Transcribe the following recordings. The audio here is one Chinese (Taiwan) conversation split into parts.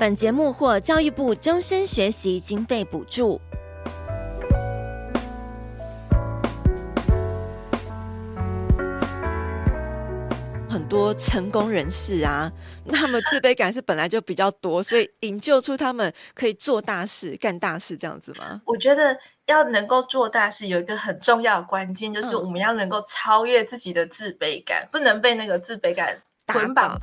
本節目獲教育部終身學習經費補助。很多成功人士啊，那麼自卑感是本來就比較多，所以營救出他們可以做大事、幹大事這樣子嗎？我覺得要能夠做大事，有一個很重要的關鍵就是我們要能夠超越自己的自卑感，不能被那個自卑感捆綁、打倒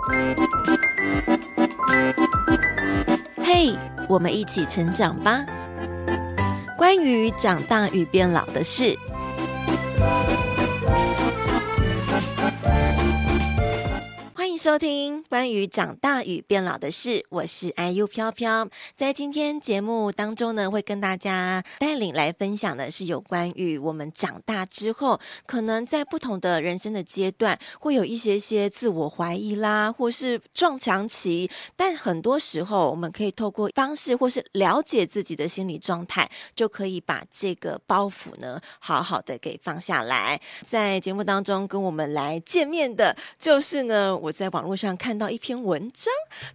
嘿，hey, 我們一起成長吧！關於長大與變老的事。收聽關於長大與變老的事，我是 IU 飄飄。在今天節目當中呢，會跟大家帶領來分享的是有關於我們長大之後，可能在不同的人生的階段，會有一些些自我懷疑啦，或是撞牆期。但很多時候，我們可以透過方式或是了解自己的心理狀態，就可以把這個包袱呢，好好的給放下來。在節目當中跟我們來見面的，就是呢，我在。在網絡上看到一篇文章，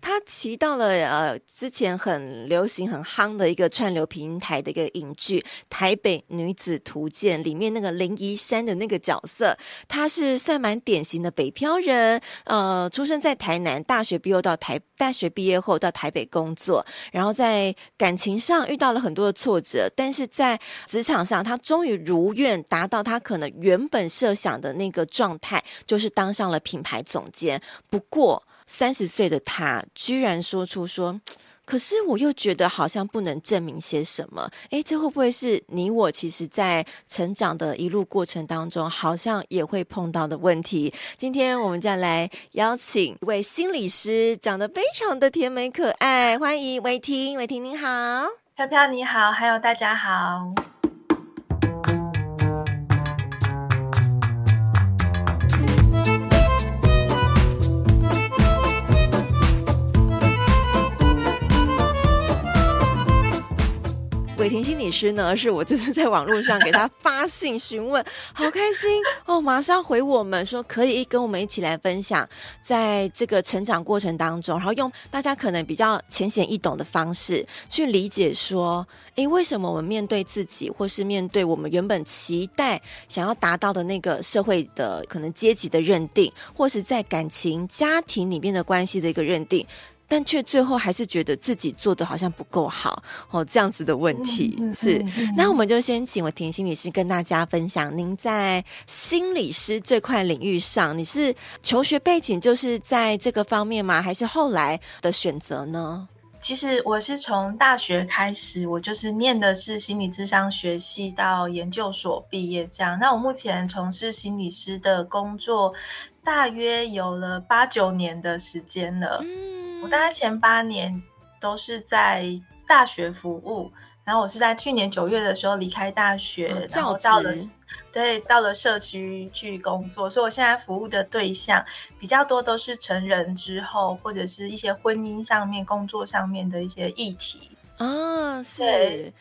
他提到了呃之前很流行很夯的一個串流平台的一個影劇《台北女子圖鑑》裡面那個林怡珊的那個角色，她是算蠻典型的北漂人，呃，出生在台南，大學畢業到台大學畢業後到台北工作，然後在感情上遇到了很多的挫折，但是在職場上，她終於如願達到她可能原本設想的那個狀態，就是當上了品牌總監。不過，三十歲的他居然說出說，可是我又覺得好像不能證明些什麼。誒，這會不會是你我其實，在成長的一路過程當中，好像也會碰到的問題？今天我們就要來邀請一位心理師，長得非常的甜美可愛，歡迎瑋婷，瑋婷，婷你好，飄飄你好，還有大家好。瑋婷心理師呢，是我就是在網絡上給他發信詢問，好開心哦！馬上回我們說可以跟我們一起來分享，在這個成長過程當中，然後用大家可能比較淺顯易懂的方式去理解說，說、欸、誒，為什麼我們面對自己，或是面對我們原本期待想要達到的那個社會的可能階級的認定，或是在感情、家庭裡面的關係的一個認定。但卻最後還是覺得自己做的好像不夠好哦，這樣子的問題、嗯嗯、是。嗯、那我們就先請瑋婷心理師跟大家分享，您在心理師這塊領域上，你是求學背景就是在這個方面嗎？還是後來的選擇呢？其實我是從大學開始，我就是念的是心理諮商學系，到研究所畢業這樣。那我目前從事心理師的工作，大約有了八九年的時間了。嗯，我大概前八年都是在大學服務。然後我是在去年九月的時候離開大學，嗯、然後到了，對，到了社區去工作。所以，我現在服務的對象比較多都是成人之後，或者是一些婚姻上面、工作上面的一些議題啊、嗯。是，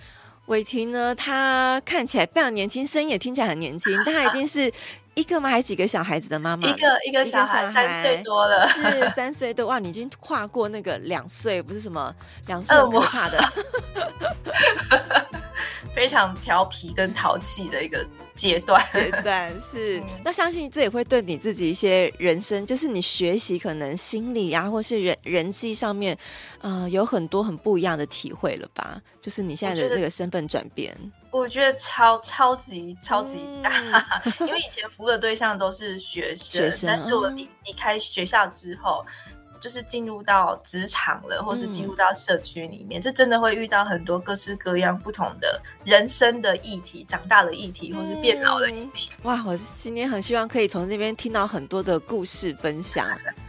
瑋婷對呢，他看起來非常年輕，聲音也聽起來很年輕，但、啊、他已經是。一個嗎？還幾個小孩子的媽媽？一個一個小孩，小孩三歲多了，是三歲多哇！你已經跨過那個兩歲，不是什麼兩歲的，嗯、 非常調皮跟淘氣的一個階段。階段是，嗯、那相信這也會對你自己一些人生，就是你學習可能心理啊，或是人人際上面，啊、呃，有很多很不一樣的體會了吧？就是你現在的那個身份轉變。我覺得超超級超級大，嗯、因為以前服務的對象都是學生，學生但是我離開學校之後，嗯、就是進入到職場了，或是進入到社區裡面，嗯、就真的會遇到很多各式各樣不同的人生的議題、嗯、長大的議題，或是變老的議題。嗯、哇，我今天很希望可以從這邊聽到很多的故事分享。嗯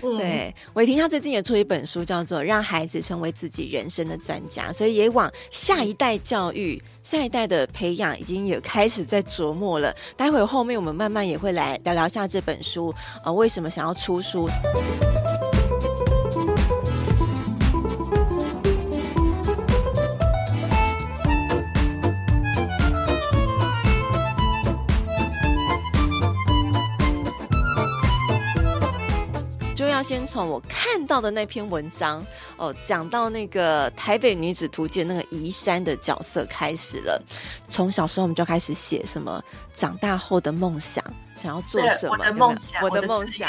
對，瑋婷他最近也出一本書，叫做《讓孩子成為自己人生的專家》，所以也往下一代教育、下一代的培養，已經也開始在琢磨了。待會後面我們慢慢也會來聊聊下這本書啊、呃，為什麼想要出書。先從我看到的那篇文章哦，講到那個台北女子圖鑑那個移山的角色開始了。從小時候我們就開始寫什麼，長大後的夢想，想要做什麼？對有沒有？我的夢想，我的夢想。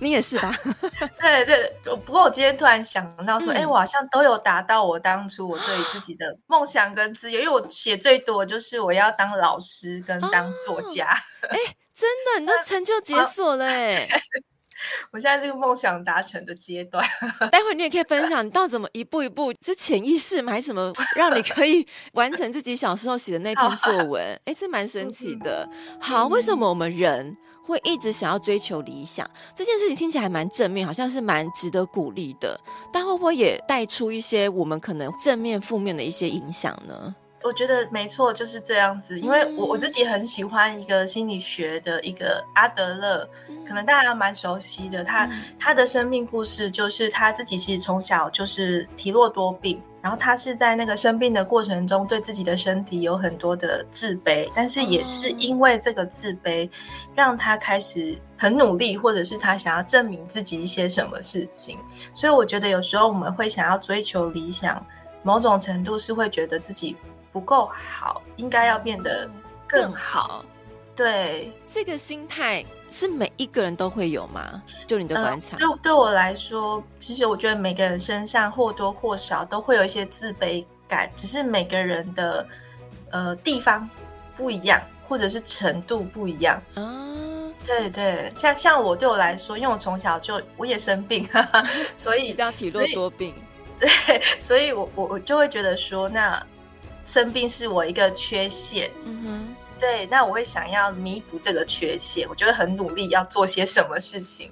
你也是吧？ 對對。不過我今天突然想到說，哎、嗯欸，我好像都有達到我當初我對自己的夢想跟自由，哦、因為我寫最多就是我要當老師跟當作家。哎、哦 欸，真的，你都成就解鎖了哎、欸。哦 我現在這個夢想達成的階段，待會你也可以分享你到底怎麼一步一步是潛意識，還是什麼讓你可以完成自己小時候寫的那篇作文？哎、啊欸，這蠻神奇的。嗯、好，為什麼我們人會一直想要追求理想？嗯、這件事情聽起來蠻正面，好像是蠻值得鼓勵的。但會不會也帶出一些我們可能正面、負面的一些影響呢？我覺得沒錯，就是這樣子，因為我我自己很喜歡一個心理學的一個阿德勒，可能大家還蠻熟悉的。他、嗯、他的生命故事就是他自己其實從小就是體弱多病，然後他是在那個生病的過程中，對自己的身體有很多的自卑，但是也是因為這個自卑，讓他開始很努力，或者是他想要證明自己一些什麼事情。所以我覺得有時候我們會想要追求理想，某種程度是會覺得自己。不夠好，應該要變得更好。更好對，這個心態是每一個人都會有嗎？就你的觀察，對、呃、就對我來說，其實我覺得每個人身上或多或少都會有一些自卑感，只是每個人的呃地方不一樣，或者是程度不一樣。啊、嗯，對，對對，像像我對我來說，因為我從小就我也生病，呵呵所以這樣體弱多病。對，所以我我我就會覺得說那。生病是我一個缺陷，嗯、哼對，那我會想要彌補這個缺陷，我覺得很努力要做些什麼事情，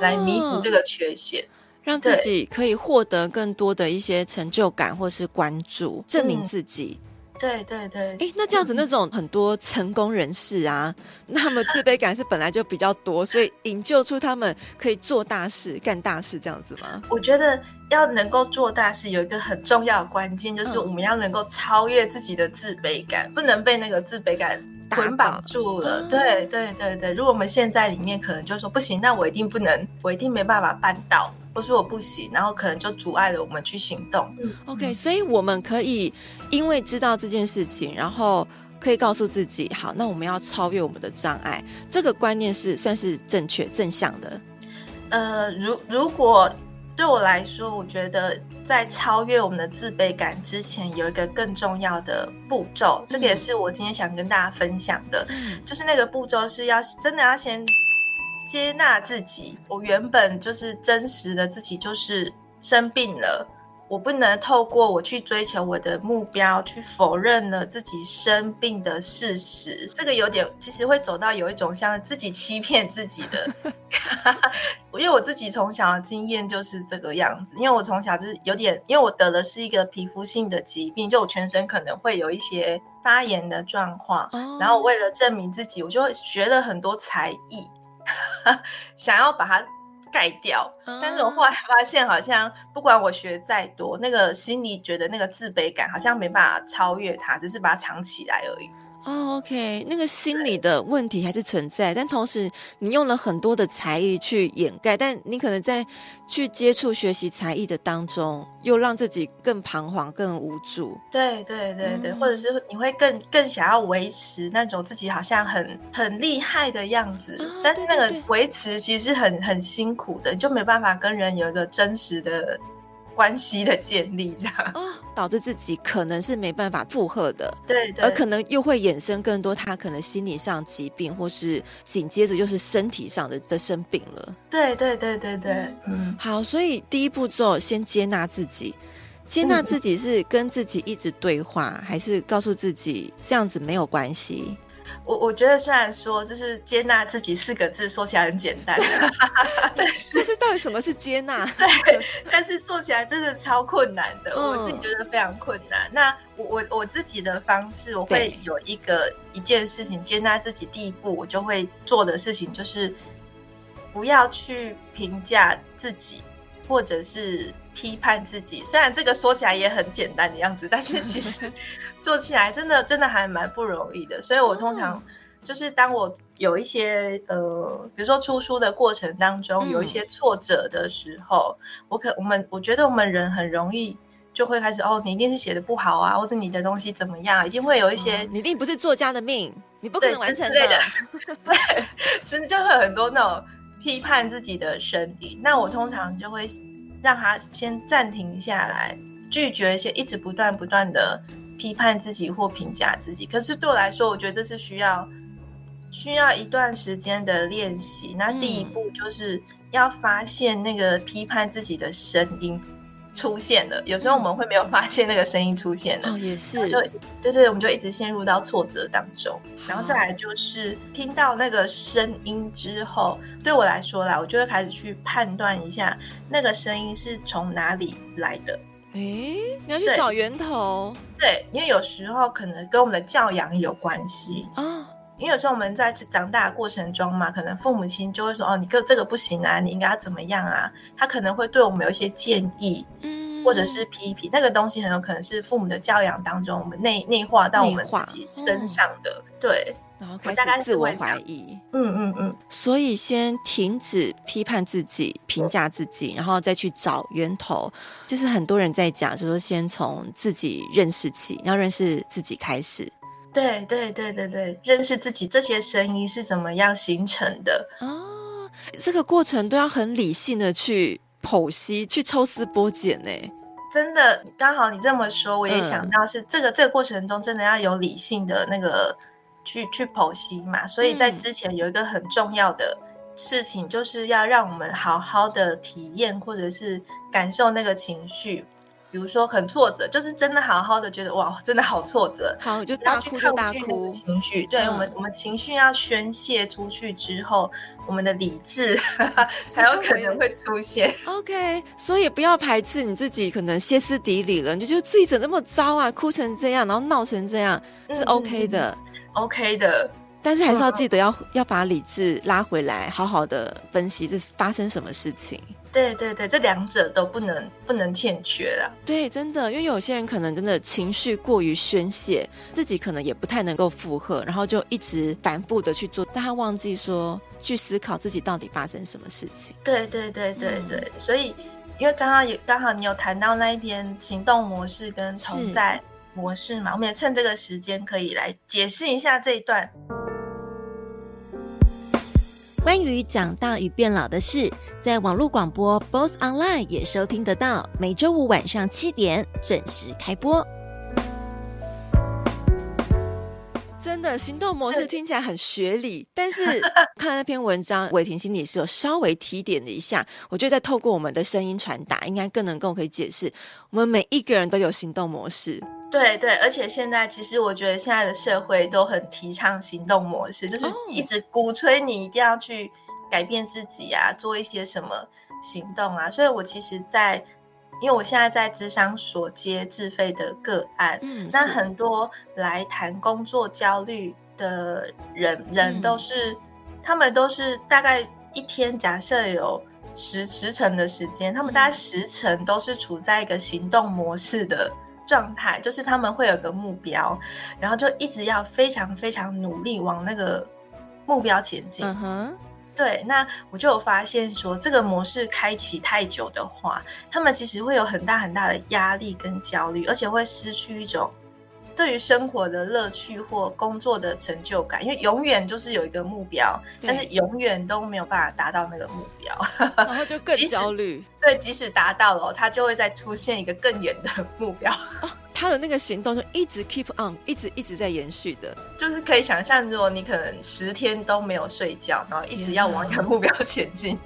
來彌補這個缺陷，讓自己可以獲得更多的一些成就感或是關注，證明自己。嗯對對對，哎、欸，那這樣子，那種很多成功人士啊，嗯、那麼自卑感是本來就比較多，所以營救出他們可以做大事、幹大事這樣子嗎？我覺得要能夠做大事，有一個很重要的關鍵就是我們要能夠超越自己的自卑感，嗯、不能被那個自卑感捆綁住了。對對對對對，如果我們現在裡面可能就說不行，那我一定不能，我一定沒辦法辦到。或是我不行，然後可能就阻礙了我們去行動。嗯、OK，所以我們可以因為知道這件事情，然後可以告訴自己：好，那我們要超越我們的障礙。這個觀念是算是正確正向的。呃，如如果對我來說，我覺得在超越我們的自卑感之前，有一個更重要的步驟，嗯、這個也是我今天想跟大家分享的，嗯、就是那個步驟是要真的要先。接納自己，我原本就是真實的自己，就是生病了。我不能透過我去追求我的目標，去否認了自己生病的事實。這個有點，其實會走到有一種像自己欺騙自己的。 因為我自己從小的經驗就是這個樣子，因為我從小就是有點，因為我得的是一個皮膚性的疾病，就我全身可能會有一些發炎的狀況。然後為了證明自己，我就會學了很多才藝。 想要把它蓋掉，但是我後來發現，好像不管我學再多，那個心裡覺得那個自卑感，好像沒辦法超越它，只是把它藏起來而已。哦、oh，OK，那個心理的問題還是存在，對但同時你用了很多的才藝去掩蓋，但你可能在去接觸學習才藝的當中，又讓自己更彷徨，更無助。對對對對，嗯、或者是你會更更想要維持那種自己好像很很厲害的樣子，啊、但是那個維持其實是很很辛苦的，你就沒辦法跟人有一個真實的。關係的建立，這樣導致自己可能是沒辦法負荷的，對，對，而可能又會衍生更多，他可能心理上疾病，或是緊接着就是身體上的生病了。對對對對對，嗯，好，所以第一步驟先接納自己，接納自己是跟自己一直對話，還是告訴自己這樣子沒有關係？我我覺得雖然說就是接納自己四個字說起來很簡單、啊，對，但 對是到底什麼是接納？ 對，但是做起來真的超困難的，嗯、我自己覺得非常困難。那我我我自己的方式，我會有一個對一件事情，接納自己第一步，我就會做的事情就是不要去評價自己。或者是批判自己，雖然這個說起來也很簡單的樣子，但是其實做起來真的真的還蠻不容易的。所以，我通常就是當我有一些、哦、呃，比如說出書的過程當中有一些挫折的時候，嗯、我可我們我覺得我們人很容易就會開始哦，你一定是寫得不好啊，或是你的東西怎麼樣、啊，一定會有一些、嗯，你一定不是作家的命，你不可能完成對的、啊， 對，真的就會有很多那種。批判自己的聲音，是那我通常就會讓他先暫停下來，拒絕一些一直不斷不斷的批判自己或評價自己。可是對我來說，我覺得這是需要需要一段時間的練習。那第一步就是要發現那個批判自己的聲音。嗯出現了，有時候我們會沒有發現那個聲音出現了，也是、嗯、就、嗯、對、對對，我們就一直陷入到挫折當中。然後再來就是好聽到那個聲音之後，對我來說啦，我就會開始去判斷一下那個聲音是從哪裡來的。誒、欸，你要去找源頭對。對，因為有時候可能跟我們的教養有關係哦。啊因為有時候我們在長大的過程中嘛，可能父母親就會說：“哦，你個這個不行啊，你應該要怎麼樣啊？”他可能會對我們有一些建議，嗯，或者是批評。那個東西很有可能是父母的教養當中，我們內內化到我們自己身上的。嗯、對，然後開始自我懷疑。嗯嗯嗯。嗯嗯，所以先停止批判自己、評價自己，然後再去找源頭。就是很多人在講，就是先從自己認識起，要認識自己開始。對對對對對，認識自己這些聲音是怎麼樣形成的啊、哦？這個過程都要很理性的去剖析，去抽絲剝繭呢。真的，剛好你這麼說，我也想到是這個、嗯、這個過程中真的要有理性的那個去去剖析嘛。所以在之前有一個很重要的事情，嗯、就是要讓我們好好的體驗或者是感受那個情緒。比如說很挫折，就是真的好好的覺得哇，真的好挫折，好，就大哭就大哭情緒。嗯、對我們，我們情緒要宣洩出去之後，我們的理智呵呵才有可能會出現。Okay. OK，所以不要排斥你自己，可能歇斯底里了，你就自己怎麼那麼糟啊，哭成這樣，然後鬧成這樣是 OK 的，嗯、OK 的。但是還是要記得要、啊、要把理智拉回來，好好的分析這是發生什麼事情。對對對，這兩者都不能不能欠缺了。對，真的，因為有些人可能真的情緒過於宣洩，自己可能也不太能夠負荷，然後就一直反覆的去做，但他忘記說去思考自己到底發生什麼事情。對對對對對，嗯、所以因為剛剛有剛好你有談到那一篇行動模式跟同在模式嘛，是我們也趁這個時間可以來解釋一下這一段。關於長大與變老的事，在網絡廣播 BOSS ONLINE 也收聽得到，每周五晚上七點準時開播。真的，行動模式聽起來很學理， 但是看那篇文章，瑋婷心理師有稍微提點了一下，我覺得在透過我們的聲音傳達，應該更能夠可以解釋，我們每一個人都有行動模式。對對，而且現在其實我覺得現在的社會都很提倡行動模式，就是一直鼓吹你一定要去改變自己啊，做一些什麼行動啊。所以我其實在，在因為我現在在諮商所接自費的個案，嗯、那很多來談工作焦慮的人，人都是、嗯、他們都是大概一天，假設有十十成的時間，他們大概十成都是處在一個行動模式的。狀態，就是他們會有個目標，然後就一直要非常非常努力往那個目標前進。Uh huh. 對。那我就有發現說，這個模式開啟太久的話，他們其實會有很大很大的壓力跟焦慮，而且會失去一種。對於生活的樂趣或工作的成就感，因為永遠就是有一個目標，對但是永遠都沒有辦法達到那個目標，然後就更焦慮。對，即使達到了，他就會再出現一個更遠的目標、哦。他的那個行動就一直 keep on，一直一直在延續的。就是可以想象，如果你可能十天都沒有睡覺，然後一直要往一個目標前進，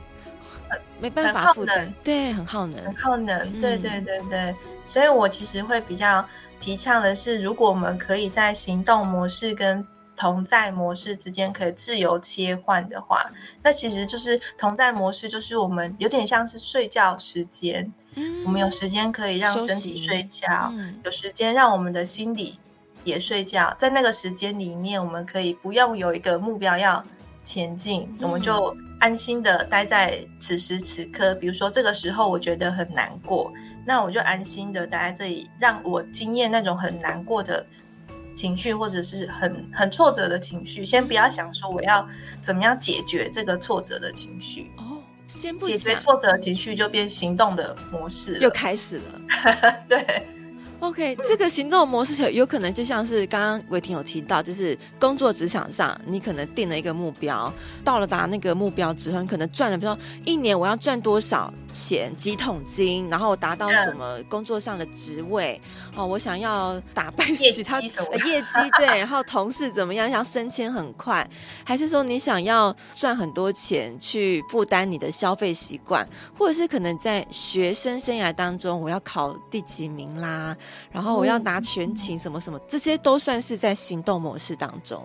哪呃、沒辦法負擔，對，很耗能，很耗能，對對對對,對。嗯、所以我其實會比較。提倡的是，如果我們可以在行動模式跟同在模式之間可以自由切換的話，那其實就是同在模式，就是我們有點像是睡覺時間，嗯、我們有時間可以讓身體睡覺，嗯、有時間讓我們的心理也睡覺，在那個時間裡面，我們可以不用有一個目標要前進，我們就安心的待在此時此刻。比如說這個時候，我覺得很難過。那我就安心的待在這裡，讓我經驗那種很難過的情緒，或者是很很挫折的情緒，先不要想說我要怎麼樣解決這個挫折的情緒哦，先不解決挫折的情緒就變行動的模式，又開始了。 對，OK，嗯，這個行動模式有可能就像是剛剛瑋婷有提到，就是工作職場上，你可能定了一個目標，到了達那個目標之後，你可能賺了，比如說一年我要賺多少。錢幾桶金，然後達到什麼工作上的職位？啊、哦，我想要打敗其他業績，業績，對，然後同事怎麼樣，要升遷很快？還是說你想要賺很多錢去負擔你的消費習慣？或者是可能在學生生涯當中，我要考第幾名啦？然後我要拿全勤，什麼什麼，這些都算是在行動模式當中。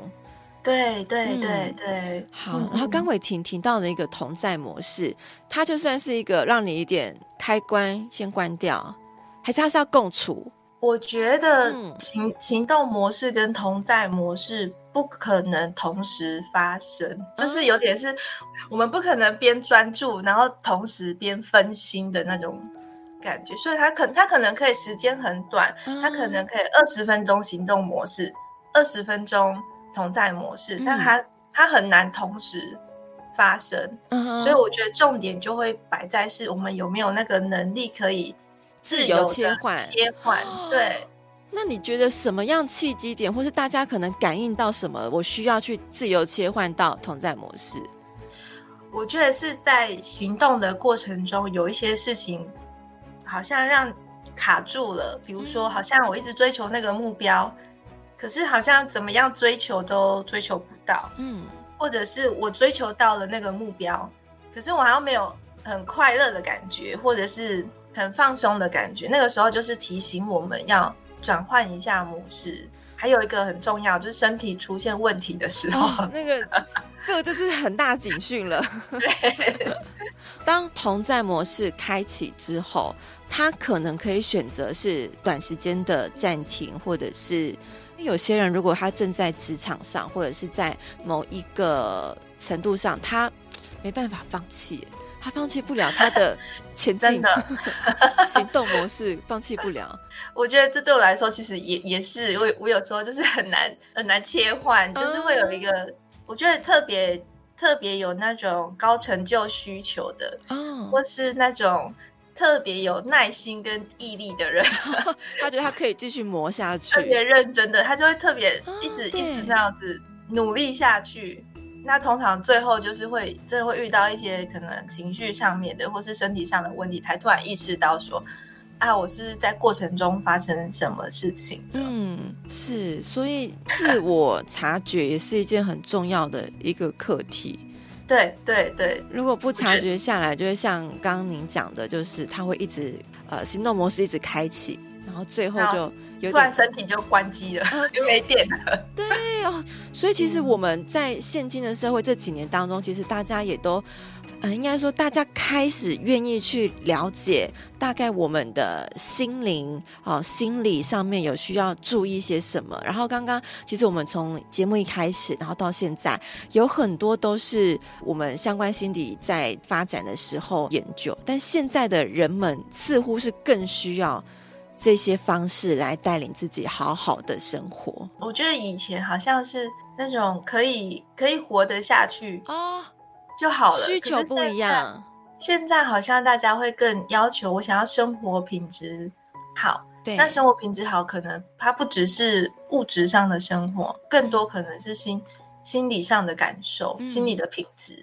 對對對、嗯、對，對好。然後、嗯，剛瑋婷提到了一個同在模式，它就算是一個讓你一點開關先關掉，還是它是要共處？我覺得行、嗯、行動模式跟同在模式不可能同時發生，嗯、就是有點是我們不可能邊專注然後同時邊分心的那種感覺。所以，它可它可能可以時間很短，嗯、它可能可以二十分鐘行動模式，二十分鐘。同在模式，但它、嗯、它很難同時發生，嗯、哼所以我覺得重點就會擺在是我們有沒有那個能力可以自由切換切換。哦、對，那你覺得什麼樣契機點，或是大家可能感應到什麼，我需要去自由切換到同在模式？我覺得是在行動的過程中，有一些事情好像讓卡住了，比如說，好像我一直追求那個目標。嗯可是好像怎麼樣追求都追求不到，嗯，或者是我追求到了那個目標，可是我好像沒有很快樂的感覺，或者是很放鬆的感覺。那個時候就是提醒我們要轉換一下模式。還有一個很重要，就是身體出現問題的時候，哦、那個 這個就是很大警訊了。 對， 當同在模式開啟之後，他可能可以選擇是短時間的暫停，或者是。有些人如果他正在職場上，或者是在某一個程度上，他沒辦法放棄，他放棄不了他的前進的行動模式，放棄不了。真的 我覺得這對我來說，其實也也是我我有時候就是很難很難切換，嗯、就是會有一個我覺得特別特別有那種高成就需求的，嗯、或是那種。特別有耐心跟毅力的人，哦、他覺得他可以繼續磨下去， 特別認真的，他就會特別一直一直這樣子努力下去。哦、那通常最後就是會，真的會遇到一些可能情緒上面的，或是身體上的問題，才突然意識到說，啊，我是在過程中發生什麼事情。嗯，是，所以自我察覺也是一件很重要的一個課題。 對對對，對對，如果不察覺下來，是就，會剛剛就是像剛您講的，就是他會一直呃行動模式一直開啟。然後最後就突然身體就關機了，啊、就沒電了。對哦，所以其實我們在現今的社會這幾年當中，嗯、其實大家也都，嗯、呃、應該說大家開始願意去了解大概我們的心靈、呃、心理上面有需要注意些什麼。然後剛剛其實我們從節目一開始，然後到現在有很多都是我們相關心理在發展的時候研究，但現在的人們似乎是更需要。這些方式來帶領自己好好的生活，我覺得以前好像是那種可以可以活得下去啊就好了，需求不一樣。現在好像大家會更要求，我想要生活品質好。對，那生活品質好，可能它不只是物質上的生活，更多可能是心。心理上的感受，嗯、心理的品質。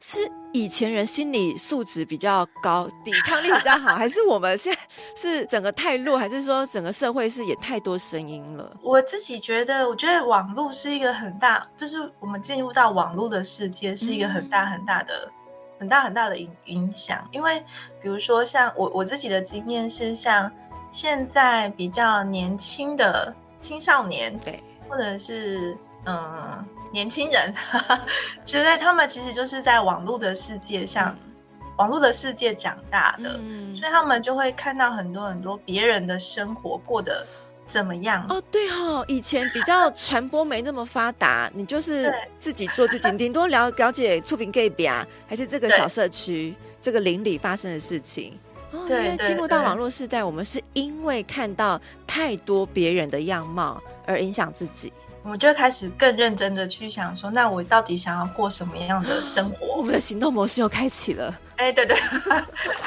是以前人心理素質比較高，抵抗力比較好， 還是我們現在是整個太弱，還是說整個社會是也太多聲音了？我自己覺得，我覺得網絡是一個很大，就是我們進入到網絡的世界是一個很大很大的、嗯、很大很大的影影響。因為比如說像我我自己的經驗是，像現在比較年輕的青少年，對，或者是嗯。呃年輕人呵呵之類，他們其實就是在網絡的世界上，嗯、網絡的世界長大的，嗯、所以他們就會看到很多很多別人的生活過得怎麼樣。哦，對哦，以前比較傳播沒那麼發達， 你就是自己做自己，頂對多了了解觸屏 Gaby 啊，還是這個小社區、對這個鄰里發生的事情。哦，對因為進入到網絡時代，對對對，我們是因為看到太多別人的樣貌而影響自己。我就開始更認真的去想說，那我到底想要過什麼樣的生活？我們的行動模式又開啟了。哎、欸，對對，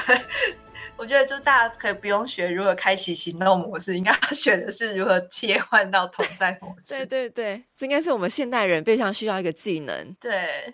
對， 我覺得就大家可以不用學如何開啟行動模式，應該要學的是如何切換到同在模式。對對對，這應該是我們現代人非常需要一個技能。對。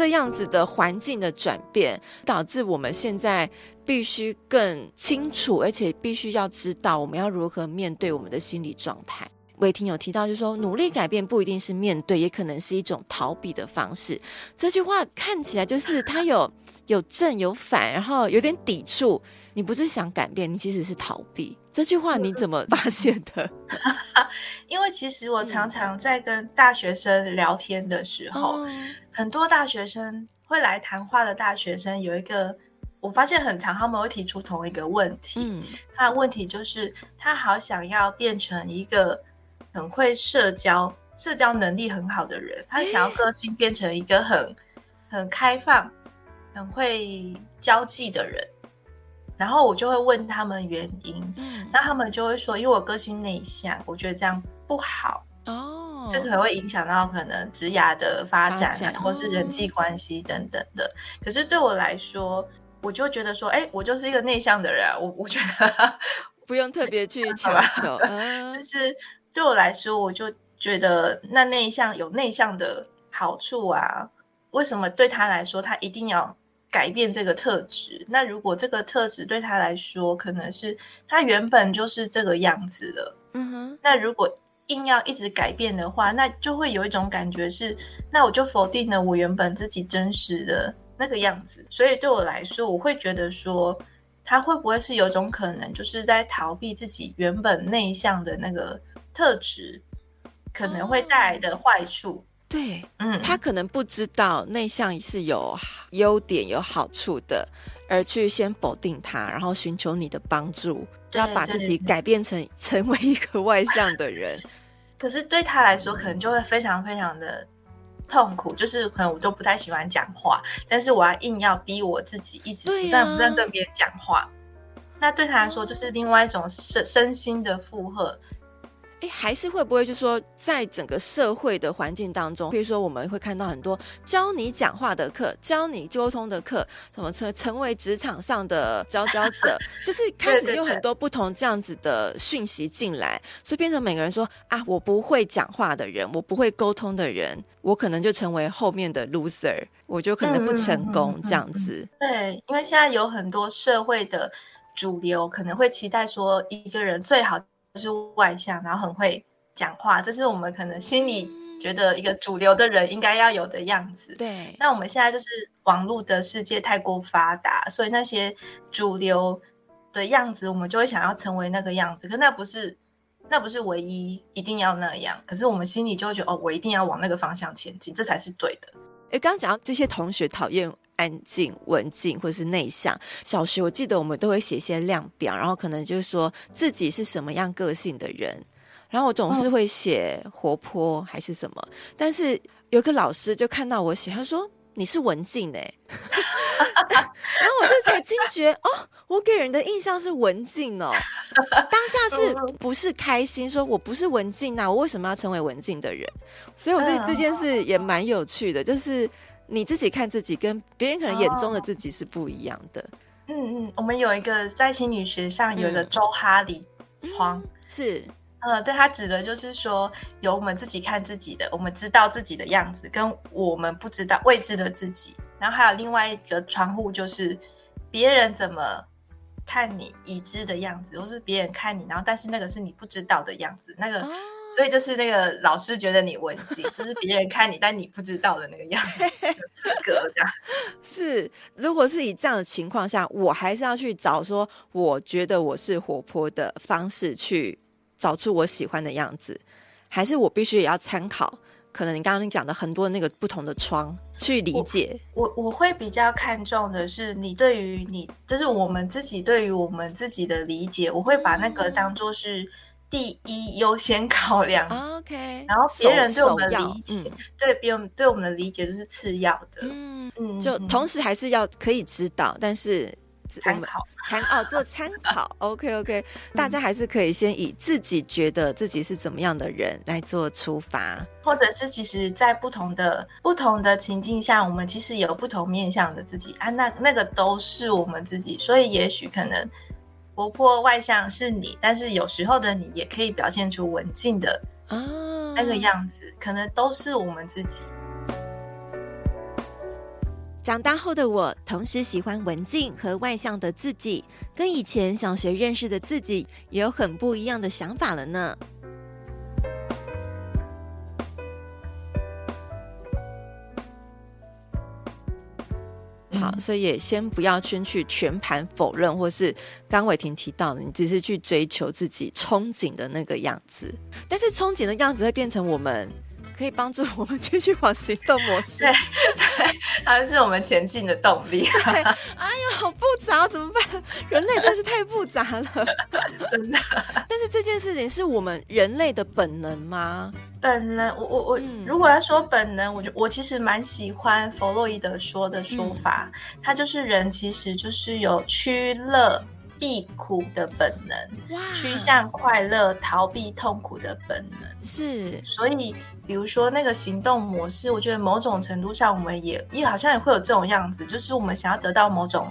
這樣子的環境的轉變，導致我們現在必須更清楚，而且必須要知道我們要如何面對我們的心理狀態。瑋婷有提到，就是說努力改變不一定是面對，也可能是一種逃避的方式。這句話看起來就是它有有正有反，然後有點抵觸。你不是想改變，你其實是逃避。這句話你怎麼發現的？ 因為其實我常常在跟大學生聊天的時候，嗯、很多大學生會來談話的。大學生有一個，我發現很常他們會提出同一個問題。嗯、他的問題就是，他好想要變成一個很會社交、社交能力很好的人。他想要個性變成一個很很開放、很會交際的人。然後我就會問他們原因，那、嗯、他們就會說，因為我個性內向，我覺得這樣不好哦，這可能會影響到可能職涯的發展，或展是人際關係等等的。嗯、可是對我來說，我就覺得說，哎、欸，我就是一個內向的人，啊，我我覺得不用特別去強求， 吧嗯、就是對我來說，我就覺得那內向有內向的好處啊。為什麼對他來說，他一定要？改變這個特質，那如果這個特質對他來說，可能是他原本就是這個樣子的。嗯哼，那如果硬要一直改變的話，那就會有一種感覺是，那我就否定了我原本自己真實的那個樣子。所以對我來說，我會覺得說，他會不會是有種可能，就是在逃避自己原本內向的那個特質，可能會帶來的壞處。嗯。對，嗯，他可能不知道內向是有優點、有好處的，而去先否定他，然後尋求你的幫助，對要把自己改變成對對對對，成為一個外向的人。可是對他來說，可能就會非常非常的痛苦。嗯、就是可能我都不太喜歡講話，但是我要硬要逼我自己一直不斷、啊、不斷跟別人講話，那對他來說就是另外一種身、嗯、身心的負荷。哎、欸，還是會不會就是說，在整個社會的環境當中，比如說我們會看到很多教你講話的課、教你溝通的課，什麼成成為職場上的佼佼者， 就是開始有很多不同這樣子的訊息進來，對對對，所以變成每個人說啊，我不會講話的人，我不會溝通的人，我可能就成為後面的 loser，我就可能不成功這樣子、嗯嗯嗯。對，因為現在有很多社會的主流可能會期待說，一個人最好。就是外向，然後很會講話，這是我們可能心裡覺得一個主流的人應該要有的樣子。對，那我們現在就是網絡的世界太過發達，所以那些主流的樣子，我們就會想要成為那個樣子。可那不是，那不是唯一，一定要那樣。可是我們心裡就會覺得，哦，我一定要往那個方向前進，這才是對的。誒，剛剛講到這些同學討厭。安靜、文靜，或者是內向。小學我記得我們都會寫一些量表，然後可能就是說自己是什麼樣個性的人。然後我總是會寫活潑還是什麼。哦、但是有個老師就看到我寫，他說：“你是文靜呢、欸。 ”然後我就才驚覺哦，我給人的印象是文靜哦。當下是不是開心？說我不是文靜那、啊、我為什麼要成為文靜的人？所以我覺得這件事也蠻有趣的，就是。你自己看自己跟別人可能眼中的自己是不一樣的。嗯、哦、嗯，我們有一個在心理學上有一個周哈里窗，嗯嗯，是，呃，對，它指的就是說有我們自己看自己的，我們知道自己的樣子，跟我們不知道未知的自己。然後還有另外一個窗戶就是別人怎麼。看你已知的樣子，或是別人看你，然後但是那個是你不知道的樣子，那個、哦、所以就是那個老師覺得你文靜， 就是別人看你，但你不知道的那個樣子這樣， 是是，如果是以這樣的情況下，我還是要去找說，我覺得我是活潑的方式，去找出我喜歡的樣子，還是我必須也要參考。可能你剛剛你講的很多那個不同的窗去理解，我我，我會比較看重的是你對於你，就是我們自己對於我們自己的理解，我會把那個當做是第一優先考量。OK，嗯，然後別人對我們的理解，嗯，對別人對我，對我們的理解就是次要的。嗯嗯，嗯就同時還是要可以知道，但是。參考，參哦，做參考 ，OK OK，大家還是可以先以自己覺得自己是怎麼樣的人來做出發，或者是其實，在不同的不同的情境下，我們其實有不同面向的自己啊，那那個都是我們自己，所以也許可能活潑外向是你，但是有時候的你也可以表現出文靜的、哦、那個樣子，可能都是我們自己。長大後的我，同時喜歡文靜和外向的自己，跟以前小學認識的自己也有很不一樣的想法了呢。好，所以也先不要先去全盤否認，或是剛瑋婷提到的，你只是去追求自己憧憬的那個樣子，但是憧憬的樣子會變成我們。可以幫助我們繼續往行動模式， 對，它是我們前進的動力。 對，哎呦，好複雜，怎麼辦？人類真是太複雜了， 真的。但是這件事情是我們人類的本能嗎？本能，我我我，我嗯、如果要說本能，我就我其實蠻喜歡弗洛伊德說的說法，他、嗯、就是人其實就是有趨樂避苦的本能，哇，趨向快樂，逃避痛苦的本能，是，所以。比如說那個行動模式，我覺得某種程度上我們也也好像也會有這種樣子，就是我們想要得到某種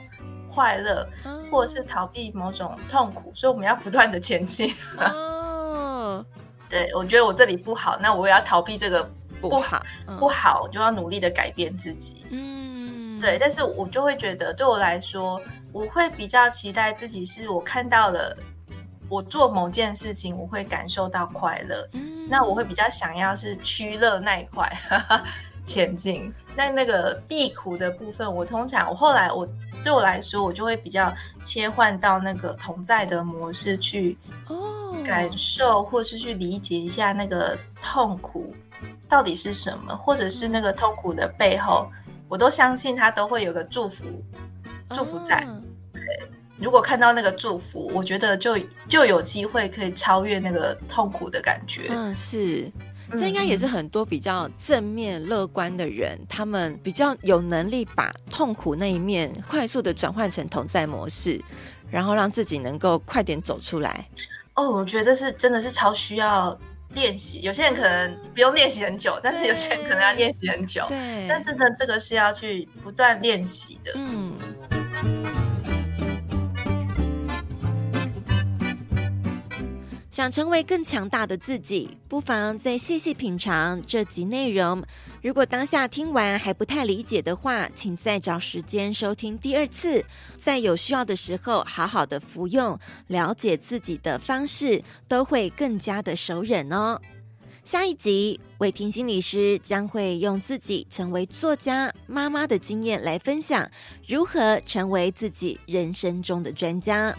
快樂，或者是逃避某種痛苦，所以我們要不斷的前進。 oh. 對，我覺得我這裡不好，那我也要逃避這個不，oh. 不好，不好就要努力的改變自己。嗯，oh. 對，但是我就會覺得，對我來說，我會比較期待自己是我看到了，我做某件事情，我會感受到快樂。Oh. 那我會比較想要是趨樂那一塊 前進，那那個避苦的部分，我通常我後來我對我來說，我就會比較切換到那個同在的模式去感受，oh. 或是去理解一下那個痛苦到底是什麼，或者是那個痛苦的背後，我都相信它都會有個祝福祝福在。Oh. 對如果看到那個祝福，我覺得就就有機會可以超越那個痛苦的感覺。嗯，是，這應該也是很多比較正面樂觀的人，嗯、他們比較有能力把痛苦那一面快速地轉換成同在模式，然後讓自己能夠快點走出來。哦，我覺得是真的是超需要練習。有些人可能不用練習很久，但是有些人可能要練習很久。對，但真的這個是要去不斷練習的。嗯。想成為更強大的自己，不妨再細細品嘗這集內容。如果當下聽完還不太理解的話，請再找時間收聽第二次。在有需要的時候，好好的服用，了解自己的方式都會更加的熟稔哦。下一集，瑋婷心理師將會用自己成為作家媽媽的經驗來分享，如何成為自己人生中的專家。